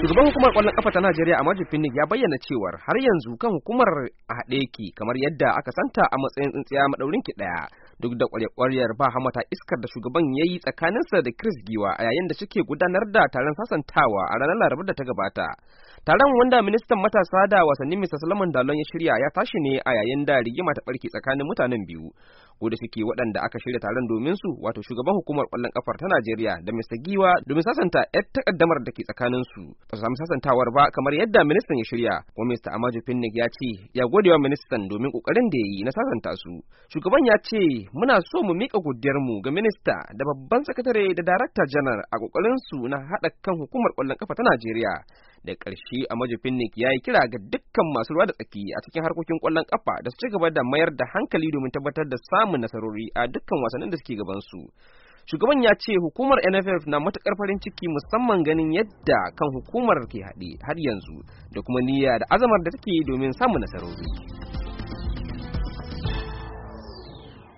shugaban hukumar kwallon kafa ta najeriya a majifin ya bayyana cewar har yanzu kan hukumar a haɗe yake kamar yadda aka santa a matsayin tsintsiya maɗaurin ki ɗaya duk da ƙwarƙwariyar ba hamata iskar da shugaban ya yi tsakaninsa da chris giwa a yayin da suke gudanar da taron sasantawa a ranar Laraba da ta gabata taron wanda ministan matasa da wasanni mr solomon dalon ya shirya ya tashi ne a yayin da rigima ta ɓarke tsakanin mutanen biyu ko da suke waɗanda aka shirya taron domin su wato shugaban hukumar ƙwallon kafar ta Najeriya da Mr. Giwa domin sasanta yar takaddamar da ke tsakanin su ba su samu sasantawar ba kamar yadda ministan ya shirya kuma Mr. Amaju Pinnick ya ce ya gode wa ministan domin ƙoƙarin da ya yi na sasanta su shugaban ya ce muna so mu miƙa godiyarmu ga minista da babban sakatare da darakta janar a ƙoƙarin su na haɗa kan hukumar ƙwallon kafa ta Najeriya da ƙarshe a majifin Nick ya yi kira ga dukkan masu ruwa da tsaki a cikin harkokin ƙwallon ƙafa da su ci gaba da mayar da hankali domin tabbatar da samun nasarori a dukkan wasannin da suke gabansu. Shugaban ya ce hukumar NFF na matukar farin ciki musamman ganin yadda kan hukumar ke haɗe har yanzu da kuma niyya da azamar da take domin samun nasarori.